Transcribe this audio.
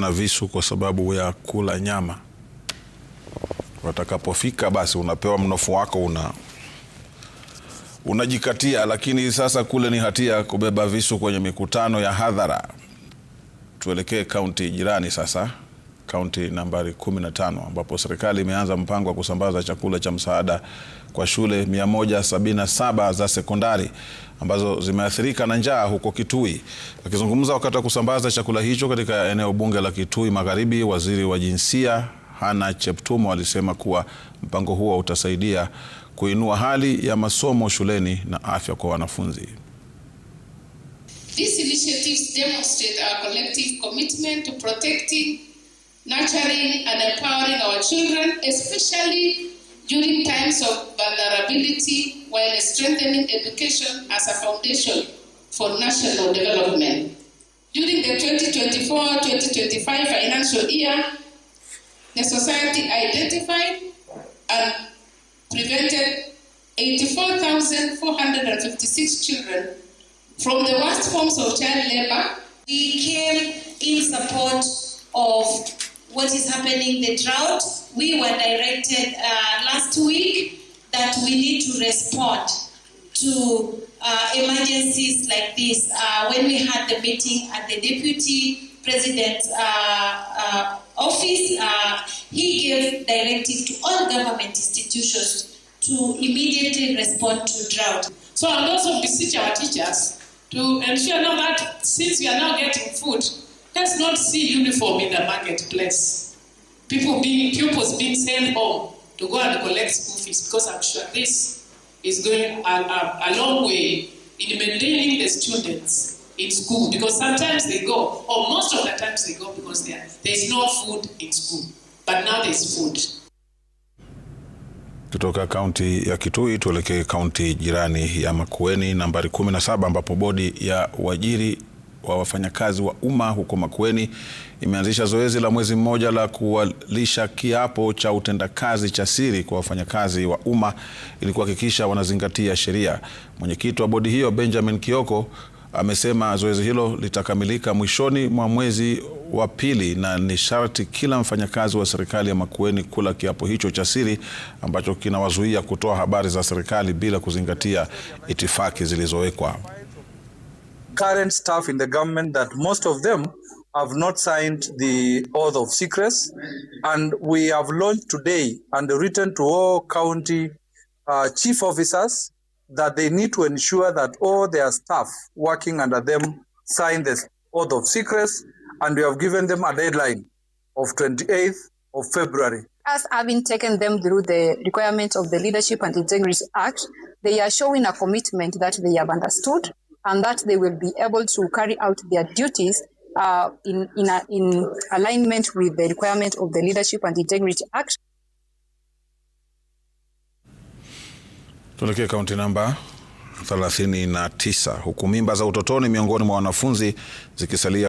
na visu kwa sababu ya kula nyama. Watakapofika basi unapewa mnofu wako una unajikatia, lakini sasa kule ni hatia kubeba visu kwenye mikutano ya hadhara. Tuelekee kaunti jirani sasa kaunti nambari 15 ambapo serikali imeanza mpango wa kusambaza chakula cha msaada kwa shule 177 za sekondari ambazo zimeathirika na njaa huko Kitui. Akizungumza wakati wa kusambaza chakula hicho katika eneo bunge la Kitui Magharibi, waziri wa jinsia Hana Cheptumo alisema kuwa mpango huo utasaidia kuinua hali ya masomo shuleni na afya kwa wanafunzi. These initiatives demonstrate our collective commitment to protecting nurturing and empowering our children, especially during times of vulnerability, while strengthening education as a foundation for national development. During the 2024-2025 financial year, the society identified and prevented 84,456 children from the worst forms of child labor. We came in support of what is happening, the drought, we were directed uh, last week that we need to respond to uh, emergencies like this. Uh, when we had the meeting at the deputy president's uh, uh, office, uh, he gave directive to all government institutions to immediately respond to drought. So i also beseech our teachers to ensure now that since we are now getting food, Let's not see uniform in the marketplace. People being, pupils being sent home to go and collect school fees because I'm sure this is going a, a, a long way in maintaining the students in school because sometimes they go, or most of the times they go because there, there's no food in school. But now there's food. Kutoka kaunti ya Kitui tuelekee kaunti jirani ya Makueni nambari 17 ambapo bodi ya wajiri wa wafanyakazi wa umma huko Makueni imeanzisha zoezi la mwezi mmoja la kuwalisha kiapo cha utendakazi cha siri kwa wafanyakazi wa umma ili kuhakikisha wanazingatia sheria. Mwenyekiti wa bodi hiyo Benjamin Kioko amesema zoezi hilo litakamilika mwishoni mwa mwezi wa pili na ni sharti kila mfanyakazi wa serikali ya Makueni kula kiapo hicho cha siri ambacho kinawazuia kutoa habari za serikali bila kuzingatia itifaki zilizowekwa. current staff in the government that most of them have not signed the oath of secrets. And we have launched today and written to all county uh, chief officers that they need to ensure that all their staff working under them sign the oath of secrets. And we have given them a deadline of 28th of February. As having taken them through the requirements of the Leadership and Integrity Act, they are showing a commitment that they have understood and that they will be able to carry out their duties uh, in, in, a, in alignment with the requirement of the Leadership and Integrity Act. Tuelekee kaunti namba 39 huku mimba za utotoni miongoni mwa wanafunzi zikisalia